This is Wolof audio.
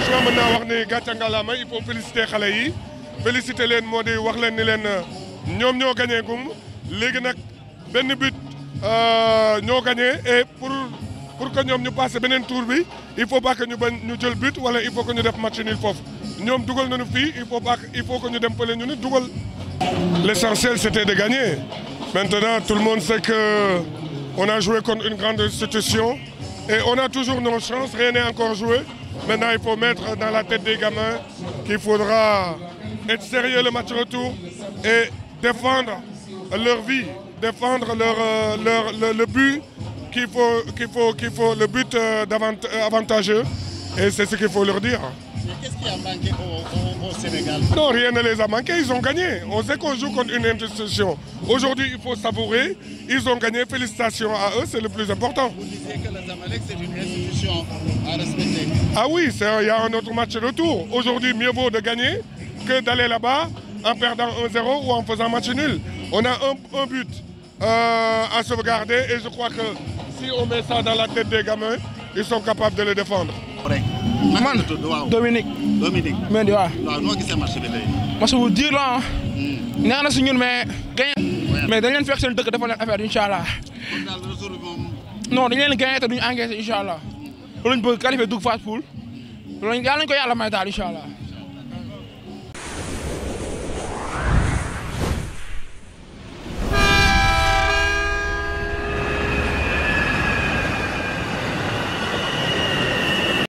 franchement mën naa wax ni gàcce ngalaama il faut féliciter xale yi féliciter leen moo di wax leen ni leen euh, ñoom ñoo gagné gum léegi nag benn but euh, ñoo gagné et pour pour que ñoom ñu passé beneen tour bi il faut pas que ñu bañ ñu jël but wala il faut que ñu def match nul foofu ñoom dugal nañu fii il faut pas que ñu dem pële ñu ni dugal. l'essentiel c'était de gagner maintenant tout le monde sait que on a joué contre une grande institution. Et on a toujours nos chances, rien n'est encore joué. Maintenant, il faut mettre dans la tête des gamins qu'il faudra être sérieux le match retour et défendre leur vie, défendre leur, leur, leur le, le, but qu'il faut, qu'il faut, qu'il faut, le but euh, euh avantageux. Et c'est ce qu'il faut leur dire. qu'est-ce qui a manqué au, Sénégal Non, rien ne les a manqués, ils ont gagné. On sait qu'on joue contre une institution. Aujourd'hui, il faut savourer. Ils ont gagné, félicitations à eux, c'est le plus important. Ah oui, il y a un autre match retour. Aujourd'hui, mieux vaut de gagner que d'aller là-bas en perdant 1-0 ou en faisant match nul. On a un, but euh, à sauvegarder et je crois que si on met ça dans la tête des gamins, ils sont rek. man Dominique. Dominique Mendy waaw. waaw noo gisee match bi tey. match bu diir la ah. Hmm. na si ñun mais. gañ mais dañ leen fekk seen dëkk dafa leen affaire incha allah. non dañ leen gañ te duñu encaissé incha allah. Hmm. loolu lañ bëgg qualifié dugg phase poule. loolu yàlla nañu ko yàlla may daal incha allah.